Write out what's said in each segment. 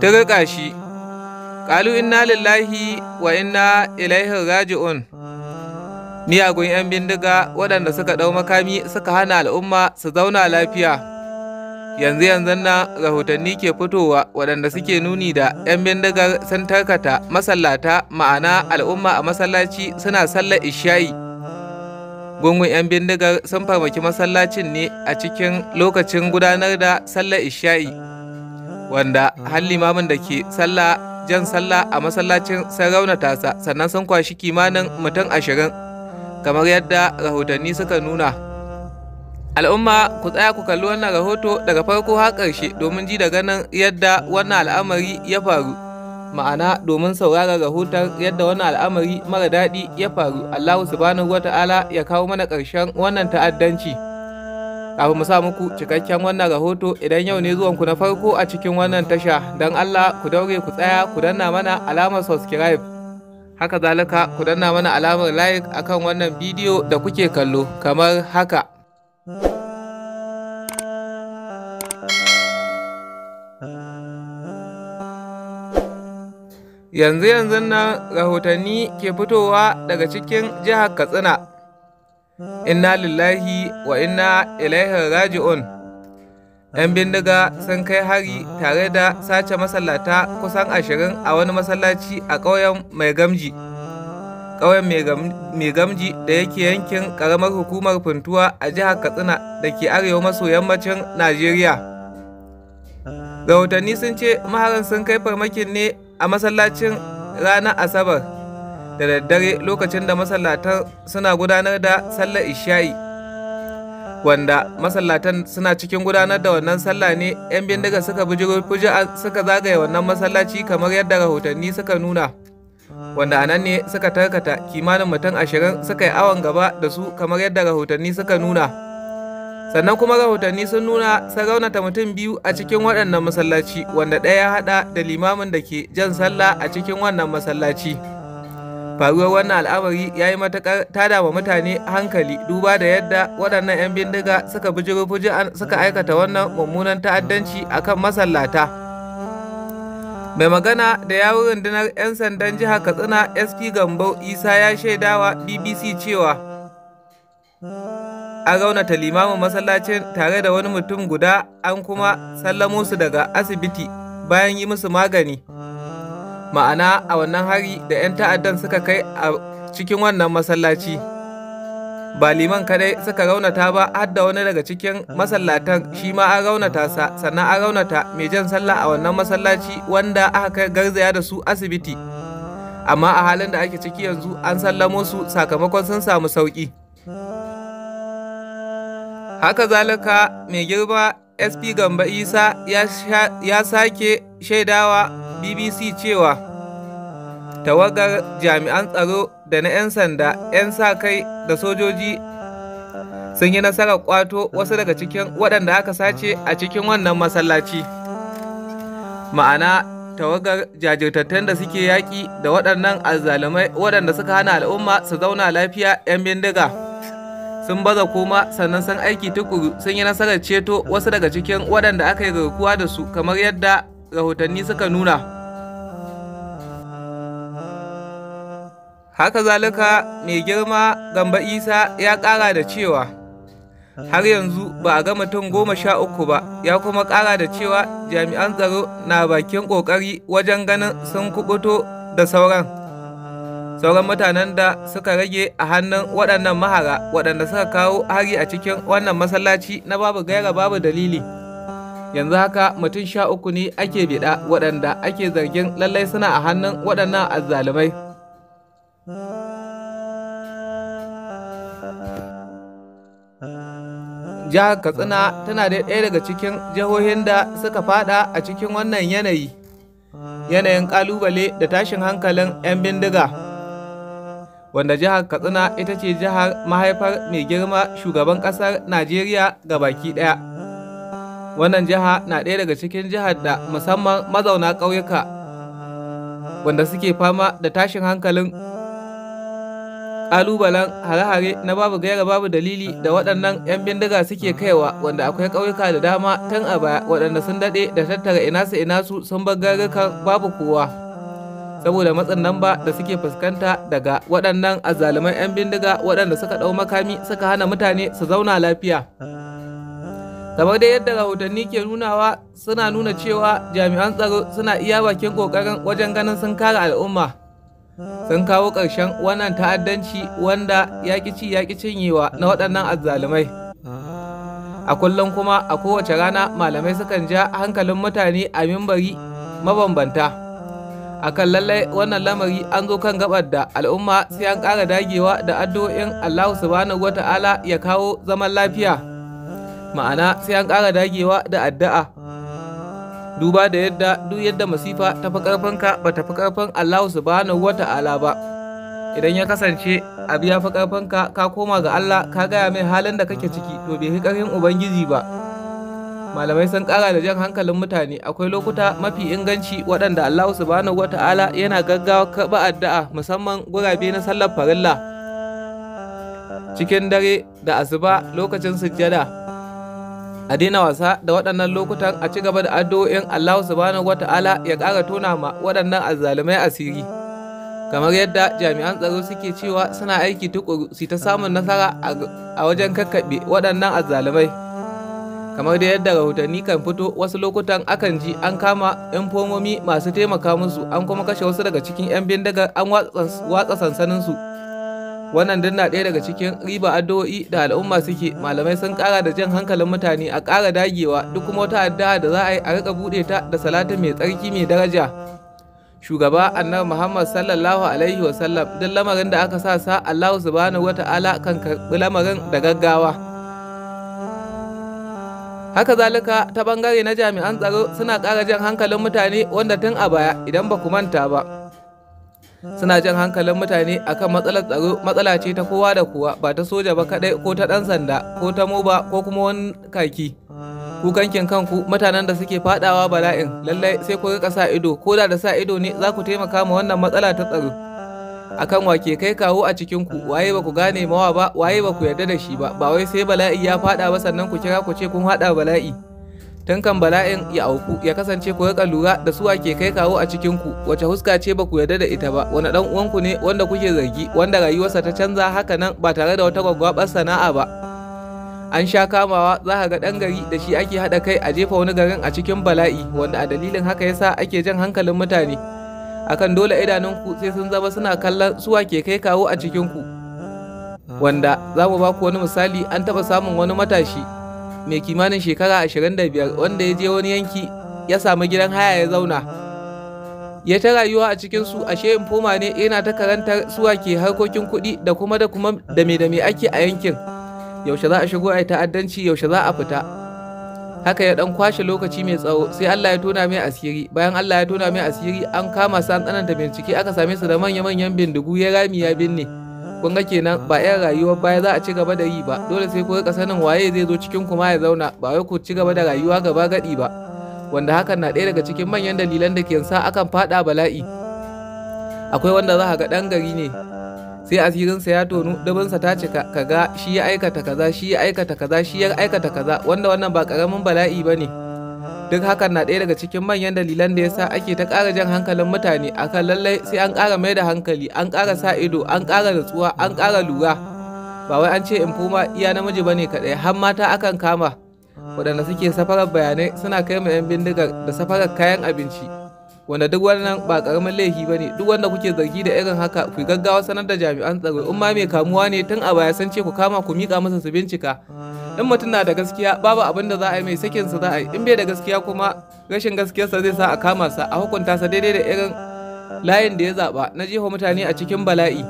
ta ga shi ƙalu inna lillahi wa inna ilaihin raji'un miyagun 'yan bindiga waɗanda suka ɗau makami suka hana al'umma su zauna lafiya yanzu yanzu na rahotanni ke fitowa waɗanda suke nuni da 'yan bindigar sun tarkata masallata ma'ana al'umma a masallaci suna sallar ishayi. gungun 'yan bindigar sun farmaki masallacin ne a cikin lokacin gudanar da sallar ishayi. wanda har limamin da ke sallah jan sallah a masallacin sun raunata sa sannan sun kwashi kimanin mutum ashirin kamar yadda rahotanni suka nuna al'umma ku tsaya ku kalli wannan rahoto daga farko har ƙarshe domin ji da ganin yadda wannan al'amari ya faru ma'ana domin saurara rahoton yadda wannan al'amari mara daɗi ya faru allahu subhanahu Ta'ala ya kawo mana ƙarshen wannan ta'addanci Kafin mu sa muku cikakken wannan rahoto idan yau ne zuwanku na farko a cikin wannan tasha don Allah ku daure ku tsaya ku danna mana alamar subscribe. Haka zalika ku danna mana alamar like akan wannan bidiyo da kuke kallo kamar haka. Yanzu yanzu nan rahotanni ke fitowa daga cikin jihar Katsina. inna lillahi wa inna ilaihi raji'un yan bindiga sun kai hari tare da sace masallata kusan ashirin a wani masallaci a ƙauyen mai gamji ƙauyen mai gamji da yake yankin ƙaramar hukumar funtuwa a jihar katsina da ke arewa maso yammacin najeriya rahotanni sun ce maharan sun kai farmakin ne a masallacin ranar asabar da daddare lokacin da masallatan suna gudanar da sallar isha'i wanda masallatan suna cikin gudanar da wannan sallah ne 'yan bindiga suka bijiro suka zagaye wannan masallaci kamar yadda rahotanni suka nuna wanda anan ne suka tarkata kimanin mutum ashirin suka yi awon gaba da su kamar yadda rahotanni suka nuna sannan kuma rahotanni sun nuna sun raunata mutum biyu a cikin waɗannan masallaci wanda ɗaya ya haɗa da limamin da ke jan sallah a cikin wannan masallaci. faruwar wannan al'amari ya yi matuƙar tada wa mutane hankali duba da yadda waɗannan 'yan bindiga suka bijiro suka aikata wannan mummunan ta'addanci a kan masallata mai magana da yawun rundunar 'yan sandan jihar katsina sp gambo isa ya shaidawa bbc cewa an raunata limamin masallacin tare da wani mutum guda an kuma sallamo su daga asibiti bayan yi musu magani ma'ana a wannan hari da 'yan ta'addan suka kai a cikin wannan masallaci ba liman kadai suka raunata ba har da wani daga cikin masallatan shi ma an raunata sa sannan an raunata mai jan sallah a wannan masallaci wanda aka kai garzaya da su asibiti amma a halin da ake ciki yanzu an sallamo su sakamakon sun samu sauki haka zalika mai girba. sp gamba isa ya sake shaidawa bbc cewa tawagar jami'an tsaro da na 'yan sanda 'yan sa-kai da sojoji sun yi nasarar kwato wasu daga cikin waɗanda aka sace a cikin wannan masallaci ma'ana tawagar jajirtattun da suke yaƙi da waɗannan azzalumai waɗanda suka hana al'umma su zauna lafiya 'yan bindiga. sun baza koma sannan sun aiki tukuru sun yi nasarar ceto wasu daga cikin waɗanda aka yi garkuwa da su kamar yadda rahotanni suka nuna haka zalika mai girma gamba isa ya ƙara da cewa har yanzu ba a ga mutum goma sha uku ba ya kuma ƙara da cewa jami'an tsaro na bakin ƙoƙari wajen ganin sun kubuto da sauran sauran mutanen da suka rage a hannun waɗannan mahara waɗanda suka kawo hari a cikin wannan masallaci na babu gaira babu dalili yanzu haka mutum sha uku ne ake biɗa waɗanda ake zargin lallai suna a hannun waɗannan azzalumai jihar katsina tana da ɗaya daga cikin jihohin da suka fada a cikin wannan yanayi yanayin ƙalubale da tashin hankalin 'yan bindiga wanda jihar Katsina ita ce jihar mahaifar mai girma shugaban ƙasar Najeriya ga baki ɗaya. Wannan jiha na ɗaya daga cikin jihar da musamman mazauna ƙauyuka wanda suke fama da tashin hankalin ƙalubalen hare-hare na babu gaira babu dalili da waɗannan 'yan bindiga suke kaiwa wanda akwai ƙauyuka da dama tun a baya waɗanda sun daɗe da tattara ina su ina su sun bar garurukan babu kowa. saboda matsin lamba da suke fuskanta daga waɗannan azzaluman 'yan bindiga waɗanda suka ɗau makami suka hana mutane su zauna lafiya. kamar dai yadda rahotanni ke nunawa suna nuna cewa jami'an tsaro suna iya bakin kokarin wajen ganin sun kare al'umma sun kawo ƙarshen wannan ta'addanci wanda ya yaƙi cinyewa na waɗannan azzalumai a kullum kuma a kowace rana malamai sukan ja hankalin mutane a mimbari mabambanta akan lallai wannan lamari an zo kan gabar da al'umma sai an ƙara dagewa da addu'o'in Allah subhanahu wata'ala ya kawo zaman lafiya ma'ana sai an ƙara dagewa da addu'a duba da yadda duk yadda masifa ta fi ka ba ta fi ƙarfin Allah subhanahu wata'ala ba idan ya kasance abu ya fi ka koma ga Allah ka gaya mai halin da kake ciki to bai fi ƙarfin ubangiji ba malamai sun kara da jan hankalin mutane akwai lokuta mafi inganci waɗanda Allah subhanahu ta'ala yana gaggawa karɓa addu'a musamman gurabe na sallar farilla cikin dare da asuba lokacin sujjada a daina wasa da waɗannan lokutan a ci gaba da addu'o'in Allah subhanahu ta'ala ya ƙara tona ma waɗannan azzalumai asiri kamar yadda jami'an tsaro suke cewa suna aiki tukuru su ta samun nasara a wajen kakkaɓe waɗannan azzalumai kamar da yadda rahotanni kan fito wasu lokutan akan ji an kama yan fomomi masu taimaka musu an kuma kashe wasu daga cikin yan bindigar an watsa sansaninsu wannan duk na ɗaya daga cikin riba addu'o'i da al'umma suke malamai sun ƙara da jan hankalin mutane a ƙara dagewa duk kuma wata addu'a da za a yi a riƙa buɗe ta da salatu mai tsarki mai daraja shugaba annabi muhammad sallallahu alaihi wasallam duk lamarin da aka sa sa allahu subhanahu ta'ala kan karɓi lamarin da gaggawa haka zalika ta bangare na jami'an tsaro suna ƙara jan hankalin mutane wanda tun a baya idan ba ku manta ba suna jan hankalin mutane akan matsalar tsaro matsala ce ta kowa da kowa ba ta soja ba kadai ko ta ɗan sanda ko ta moba ko kuma wani kaki ku kankin kanku mutanen da suke fadawa bala'in lallai sai ku rika sa ido ko da da sa ido ne za ku taimaka ma wannan matsala ta tsaro akan wa ke kai kawo a cikin ku waye ba ku gane mawa ba waye ba ku yarda da shi ba ba wai sai bala'i ya fada ba sannan ku kira ku ce kun hada bala'i tankan bala'in ya auku ya kasance ku rika lura da su ke kai kawo a cikin ku wace huska ce ba ku yarda da ita ba wani dan uwanku ne wanda kuke zargi wanda rayuwarsa ta canza haka nan ba tare da wata gwaggwabar sana'a ba an sha kamawa za ka ga ɗan gari da shi ake haɗa kai a jefa wani garin a cikin bala'i wanda a dalilin haka yasa ake jan hankalin mutane akan dole idanunku sai sun zama suna kallon suwa ke kai kawo a cikinku wanda za mu baku wani misali an taɓa samun wani matashi mai kimanin shekara 25 wanda ya je wani yanki ya samu gidan haya ya zauna ya ta rayuwa a cikin su ashe infoma ne yana ta karantar suwa ke harkokin kuɗi da kuma da kuma da me da me ake a yankin yaushe za a shigo a ta'addanci yaushe za a fita haka ya dan kwashe lokaci mai tsawo sai Allah ya tona mai asiri bayan Allah ya tona mai asiri an kama su an tsananta bincike aka same su da manya-manyan bindigu ya rami ya binne kun ga kenan ba yan rayuwar baya za a ci gaba da yi ba dole sai ku rika sanin waye zai zo cikin kuma ya zauna ba wai ku ci gaba da rayuwa gaba gadi ba wanda hakan na ɗaya daga cikin manyan dalilan da ke sa akan fada bala'i akwai wanda za ka ga dan gari ne sai sa ya tonu ah. sa ta cika kaga shi ya aikata kaza shi ya aikata kaza shi ya aikata kaza wanda wannan ba karamin bala'i ba ne duk hakan na ɗaya daga cikin manyan dalilan da ya sa ake ta ƙara jan hankalin mutane akan lallai sai an ƙara mai da hankali an ƙara sa ido an ƙara nutsuwa an ƙara lura ba wai an ce in fuma iya namiji ba ne kaɗai har mata akan kama waɗanda suke safarar bayanai suna kai ma 'yan bindigar da safarar kayan abinci wanda duk wannan ba karamin laifi ba ne duk wanda kuke zargi da irin haka ku gaggawa sanar da jami'an tsaro in ma mai kamuwa ne tun a baya san ce ku kama ku miƙa masa su bincika in mutum na da gaskiya babu abin da za a yi mai sakin sa za a yi in bai da gaskiya kuma rashin gaskiyarsa zai sa a kama sa a hukunta sa daidai da irin layin da ya zaba na jefa mutane a cikin bala'i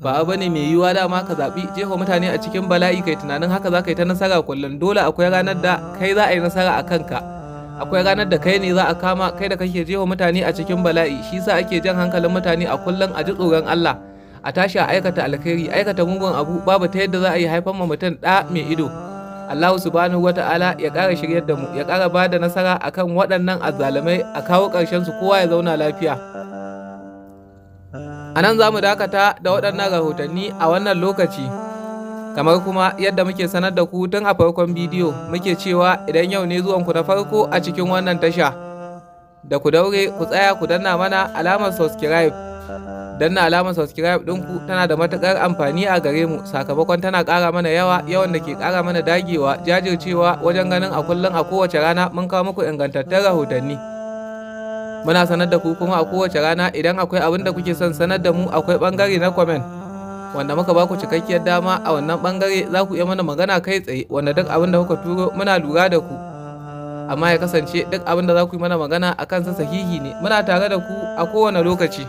ba abu ne mai yiwuwa dama ka zaɓi jefa mutane a cikin bala'i kai tunanin haka za ka yi ta nasara kullum dole akwai ranar da kai za a yi nasara a kanka akwai ranar da kai ne za a kama kai da kake jewa mutane a cikin bala'i shi sa ake jan hankalin mutane a kullum a ji tsoron Allah a tashi a aikata alkhairi aikata mugun abu babu ta yadda za a yi haifan ma mutum ɗa mai ido Allahu subhanahu ta'ala ya ƙara shiryar da mu ya ƙara ba da nasara akan waɗannan azzalumai a kawo ƙarshen su kowa ya zauna lafiya a nan za mu dakata da waɗannan rahotanni a wannan lokaci kamar kuma yadda muke sanar da ku tun a farkon bidiyo muke cewa idan yau ne zuwanku na farko a cikin wannan tasha da ku daure ku tsaya ku danna mana alamar subscribe danna alamar subscribe ɗinku tana da matuƙar amfani a gare mu sakamakon tana kara mana yawa yawan da ke ƙara mana dagewa jajircewa wajen ganin a kullum a kowace rana mun kawo muku ingantattun rahotanni muna sanar da ku kuma a kowace rana idan akwai abin da kuke son sanar da mu akwai bangare na comment wanda muka ba ku cikakkiyar dama a wannan bangare za ku iya mana magana kai tsaye wanda duk abin da kuka turo muna lura da ku amma ya kasance duk abin da za ku yi mana magana a kansa sahihi ne muna tare da ku a kowane lokaci